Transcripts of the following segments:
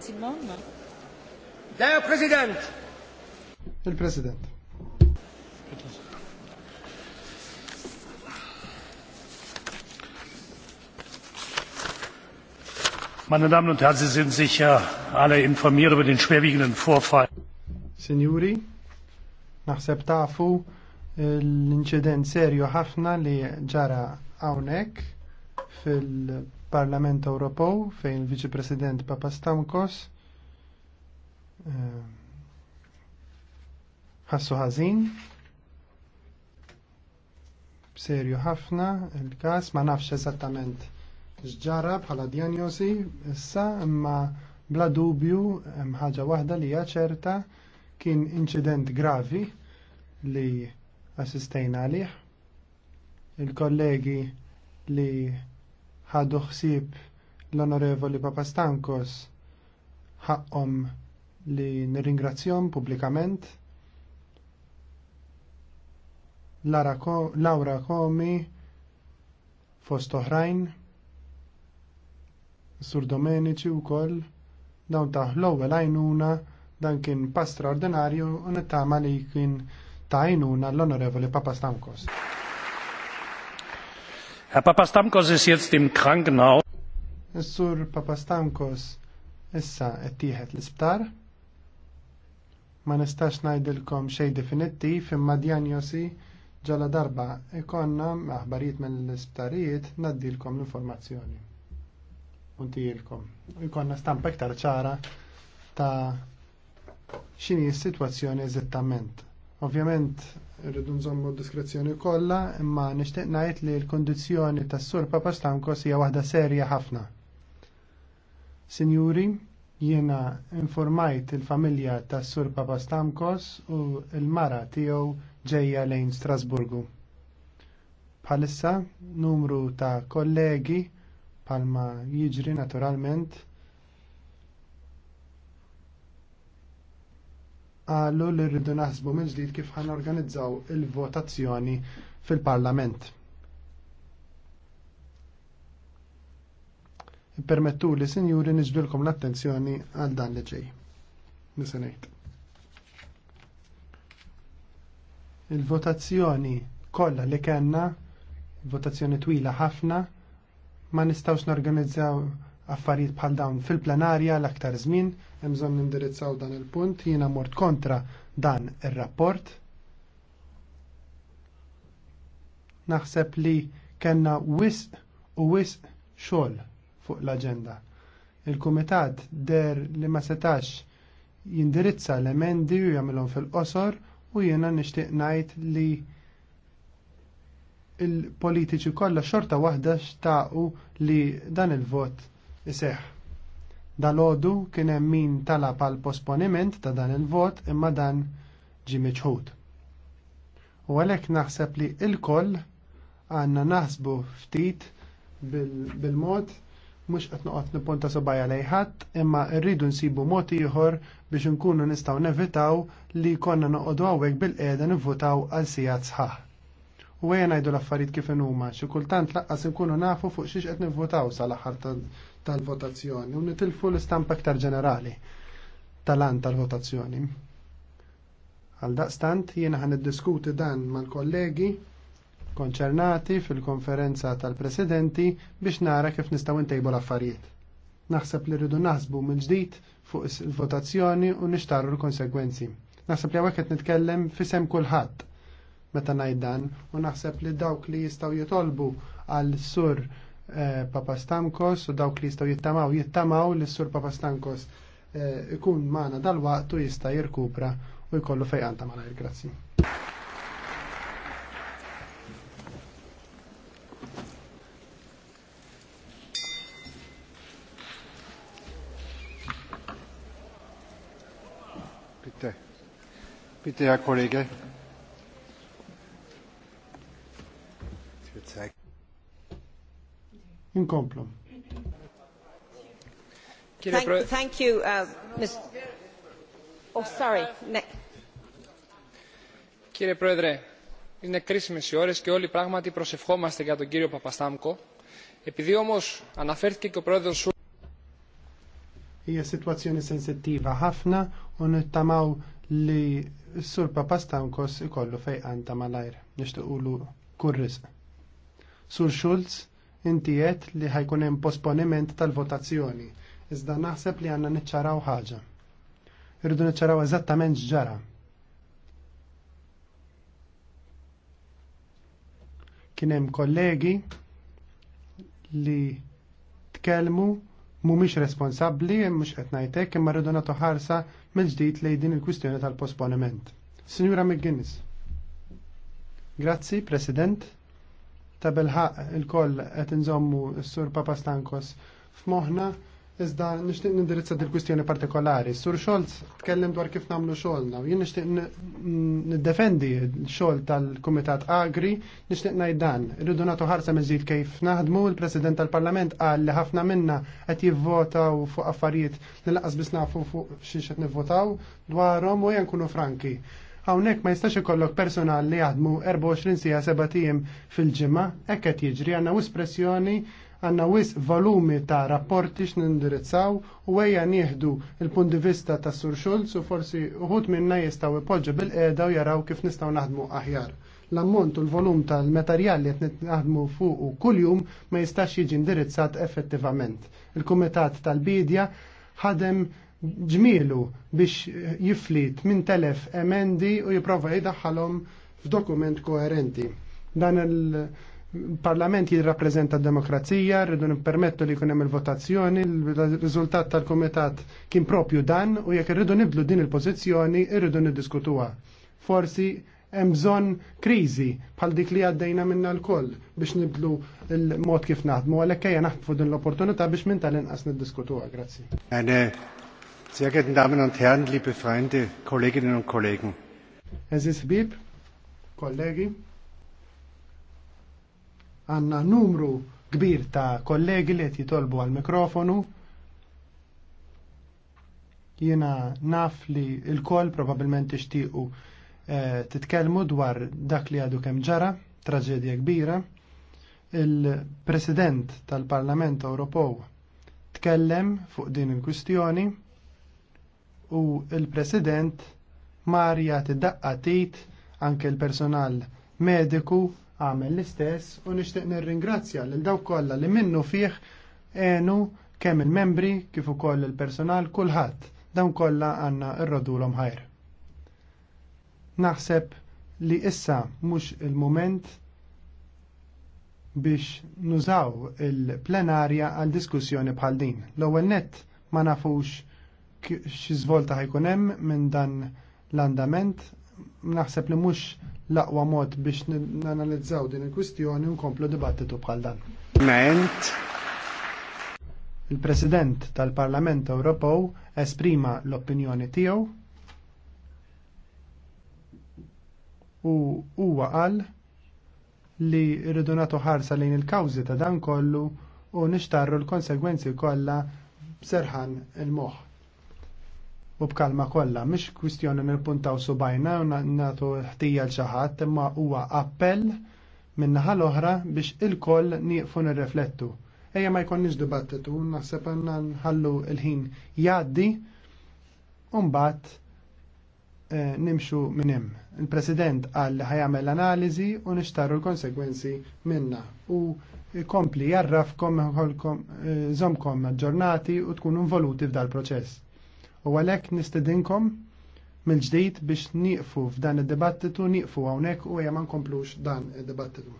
Timon? Da, President! Il-President. Meine Damen und Herren, Sie sind sicher alle informiert über den schwerwiegenden Vorfall. Signori, naħseb tafu eh, l-inċident serju ħafna li ġara hawnhekk fil- Parlament Ewropew fejn il-Viċi President Stamkos eh, ħassu uh, ħażin serju ħafna il-każ ma nafx eżattament x'ġara bħala dijanjosi issa imma bla dubju hemm ħaġa waħda li hija ċerta kien inċident gravi li assistejna għalih il-kollegi li ħadu ħsieb l-Onorevoli Papastankos ħaqhom li nirringrazzjom pubblikament. Laura Komi fost oħrajn Sur u wkoll dawn taħ l-ewwel għajnuna dan kien pastra ordinarju u nittama li kien ta' l-Onorevoli Papa Herr Papastamkos ist jetzt im Krankenhaus. Is-sur Papastamkos issa qed l-isptar. Ma nistax ngħidilkom xejn definittiv imma djanjosi ġala darba ikonna aħbarijiet mill-isptarijiet naddilkom l-informazzjoni. Untijilkom. Ikonna stampa iktar ċara ta' xini s-situazzjoni eżattament. Ovvjament rridu nżommu diskrezzjoni kollha, imma nixtieq ngħid li l-kondizzjoni tas-sur Papastamkos hija waħda serja ħafna. Sinjuri, jiena informajt il-familja tas-sur Papastamkos u l-mara tiegħu ġejja lejn Strasburgu. Bħalissa numru ta' kollegi palma jiġri naturalment għallu li rridu naħsbu minn ġdid kif ħan organizzaw il-votazzjoni fil-parlament. Permettu li sinjuri nġdilkom l-attenzjoni għal dan li ġej. Nisenajt. Il-votazzjoni kollha li kellna, votazzjoni twila ħafna, ma nistawx n-organizzaw affarijiet bħal dawn fil-plenarja l-aktar żmien, hemm bżonn nindirizzaw dan il-punt, jiena mort kontra dan ir-rapport. Naħseb li kellna wisq u wisq xogħol fuq l-aġenda. Il-kumitat der li ma setax jindirizza l-emendi u jagħmilhom fil-qosor u jiena nixtieq ngħid li il-politiċi kollha xorta waħda xtaqu li dan il-vot iseħ. Dal-ħodu kien hemm min tala pal posponiment ta' dan il-vot imma dan ġi miċħud. U għalhekk naħseb li il-koll għandna naħsbu ftit bil-mod mhux qed noqgħod nipponta subajja lejħadd imma rridu nsibu mod ieħor biex inkunu nistgħu nevitaw li konna noqogħdu hawnhekk bil-qiegħda nivvutaw għal sigħat sħaħ. U għajna najdu l-affarijiet kif huma, xi kultant laqqas inkunu nafu fuq xiex qed nivvotaw sal-aħħar tal-votazzjoni u nitilfu l-istampa aktar ġenerali tal-an tal-votazzjoni. Għal daqstant jiena ħan diskuti dan mal-kollegi konċernati fil-konferenza tal-presidenti biex nara kif nistgħu ntejbu l-affarijiet. Naħseb li rridu naħsbu mill ġdid fuq il-votazzjoni u nixtarru l-konsegwenzi. Naħseb li għawek nitkellem fisem kulħadd meta najdan u naħseb li dawk li jistgħu jitolbu għal sur eh, Papa Stankos u dawk li jistgħu jittamaw jittamaw li sur Stankos eh, ikun magħna dal waqtu jista' jirkupra u jkollu fejqanta maħna Grazzi. Pite, pite ja kolege, Inkomplu. Thank, thank you, uh, Ms. Oh, sorry. Ne Κύριε Πρόεδρε, είναι κρίσιμες οι ώρες και όλοι πράγματι προσευχόμαστε για τον κύριο Παπαστάμκο. Επειδή όμως αναφέρθηκε και ο πρόεδρος σου... Hija situazzjoni sensittiva ħafna u nittamaw li s-sur Papastamkos ikollu fejqan ta' malajr. Nishtuqulu kurris. Sur Σούλτς, inti qed li ħajkun hemm posponiment tal-votazzjoni. Iżda naħseb li għandna niċċaraw ħaġa. Irridu niċċaraw eżattament ġara. Kien hemm kollegi li tkellmu mhumiex responsabbli mhux qed ngħidlek imma rridu nagħtu ħarsa mill-ġdid lejn din il-kwistjoni tal-posponiment. Sinjura McGuinness. Grazzi, President ta' bilħaq il-koll qed inżommu s-sur Papa Stankos f'moħħna iżda nixtieq nindirizza dil kwistjoni partikolari. Sur Scholz tkellem dwar kif nagħmlu xogħolna u jien nixtieq niddefendi x-xogħol tal-Kumitat Agri, nixtieq ngħid dan. Irridu ħarsa miżid kif naħdmu il-President tal-Parlament qal li ħafna minna qed jivvotaw fuq affarijiet li laqas biss nafu fuq xi qed nivvotaw dwarom u jankunu nkunu franki. Hawnhekk ma jistax ikollok personal li jaħdmu 24 sija 7 fil-ġimgħa, hekk qed jiġri għandna wis pressjoni għanna wis volumi ta' rapporti x'nindirizzaw u għajja nieħdu il-punt di vista ta' Sur Schulz u forsi uħut minna jistaw ipoġġu bil-qeda u jaraw kif nistaw naħdmu aħjar. L-ammont u l-volum tal-materjal li qed naħdmu fuq kuljum ma jistax jiġi indirizzat effettivament. Il-Kumitat tal-Bidja ħadem ġmielu biex minn telef emendi u jiprofa jidaħħalhom f'dokument koerenti. Dan il-Parlament jirrappreżenta d-demokrazija, rridu nippermettu li jkun hemm il-votazzjoni, il-riżultat tal-Kumitat kien propju dan u jekk irridu nibdlu din il-pożizzjoni, rridu niddiskutuha. Forsi hemm bżonn kriżi bħal dik li għaddejna minna l-koll biex nibdlu l-mod kif naħdmu, għalek kajja naħtfu din l-opportunità biex minn tal-inqas niddiskutuha. Grazzi. Sehr geehrte Damen und Herren, liebe Freunde, Kolleginnen und Kollegen. Es ist Bib, kollegi, Anna numru kbir ta' kollegi li jitolbu al mikrofonu Jena naf li il-koll probabilment ixtiqu eh, titkelmu dwar dak li għadu kem ġara, traġedja kbira. Il-President tal-Parlament Ewropew tkellem fuq din il-kustjoni u il-President Marja tidaqqa tit anke l-personal mediku għamel l-istess u nixtieq nirringrazzja lil dawk kollha li minnu fih għenu kemm il-membri kif ukoll il-personal kulħadd dawn kollha għandna rrodulhom ħajr. Naħseb li issa mhux il moment biex nużaw il-plenarja għal diskussjoni bħal din. L-ewwel nett ma nafux xi żvolta ħajkun hemm minn dan l-andament naħseb li mhux l-aqwa mod biex nanalizzaw din il-kwistjoni u nkomplu dibattitu bħal dan. Il-President tal-Parlament Ewropew esprima l-opinjoni tiegħu u huwa qal li rridu nagħtu ħarsa lejn il-kawżi ta' dan kollu u nixtarru l-konsegwenzi kollha b'serħan il-moħħ u b'kalma kollha mhix kwistjoni nirpuntaw subajna u nagħtu ħtija l xaħat imma huwa appell minn naħa l-oħra biex il-koll nieqfu nirreflettu. Ejja ma jkunniex dibattitu, naħseb għandna nħallu l-ħin jgħaddi u mbagħad eh, nimxu minn hemm. Il-President qal li ħajamel analiżi u nixtaru l-konsegwenzi minna u kompli jarrafkom, zomkom eh, ġurnati u tkunu involuti f'dal proċess. U għalhekk nistedinkom mill-ġdid biex nieqfu f'dan id-dibattitu, nieqfu hawnhekk u ejja ma nkomplux dan id-dibattitu.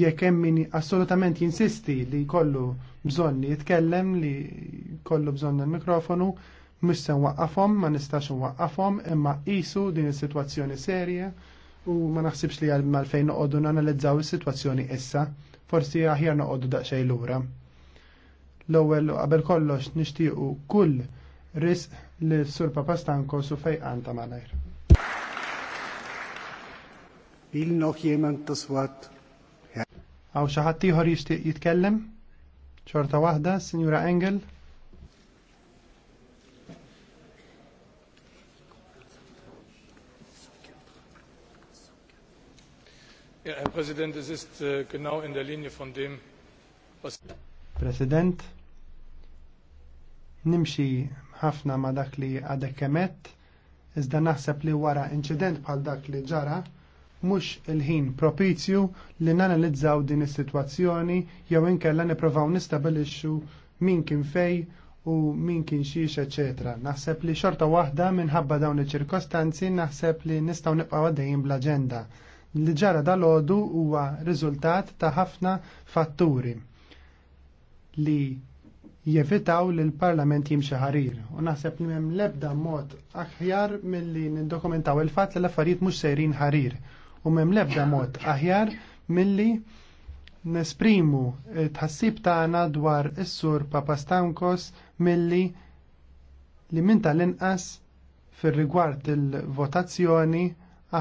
Jekk hemm min assolutament jinsisti li jkollu bżonn li jitkellem li kollu bżonn il-mikrofonu, mhux se nwaqqafhom, ma nistax nwaqqafhom, imma qisu din is-sitwazzjoni serje u ma naħsibx li għal malfejn noqogħdu nanalizzaw is-sitwazzjoni issa, forsi aħjar noqogħdu daqsxejn lura. L-ewwel qabel kollox nixtiequ kull risq li sur Papa Stanko su fejqan ta' malajr. Il noch jemand das Wort? Għaw xaħat tiħor jishtiq jitkellem? ċorta wahda, Signora Engel? Ja, Herr Präsident, es ist äh, genau in der Linie von dem, was... Präsident? nimxi ħafna ma dak li għadek kemet, iżda naħseb li wara incident bħal dak li ġara, mhux il-ħin propizju li nanalizzaw din is-sitwazzjoni jew inkella nippruvaw nistabilixxu min kien fej u min kien xiex eċetera. Naħseb li xorta waħda minħabba dawn iċ-ċirkostanzi naħseb li nistgħu nibqgħu għaddejjin bl-aġenda. Li ġara dal-għodu huwa riżultat ta' ħafna fatturi li jevitaw li l-Parlament jimxi ħarir. U naħseb li hemm lebda mod aħjar milli nindokumentaw il-fatt li l-affarijiet mhux sejrin ħarir. U m'hemm lebda mod aħjar milli nesprimu tħassib tagħna dwar is-sur Papastankos milli li min tal-inqas fir-rigward il-votazzjoni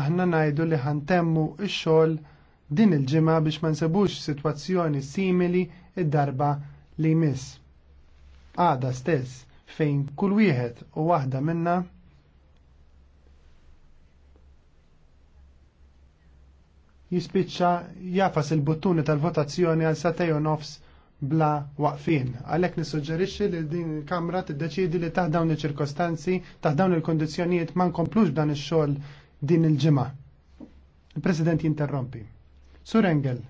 aħna ngħidu li ħantemmu x-xogħol din il-ġimgħa biex ma nsebux sitwazzjoni simili id-darba li jmiss għada stess fejn kull wieħed u waħda minna jispiċċa jafas il-buttuni tal-votazzjoni għal satejo nofs bla waqfin. Għalek nissuġġerixxi li din il-Kamra tiddeċiedi li taħ dawn il-ċirkostanzi, taħ dawn il-kondizzjonijiet ma nkomplux dan ix-xogħol din il-ġimgħa. Il-President jinterrompi. Sur Engel.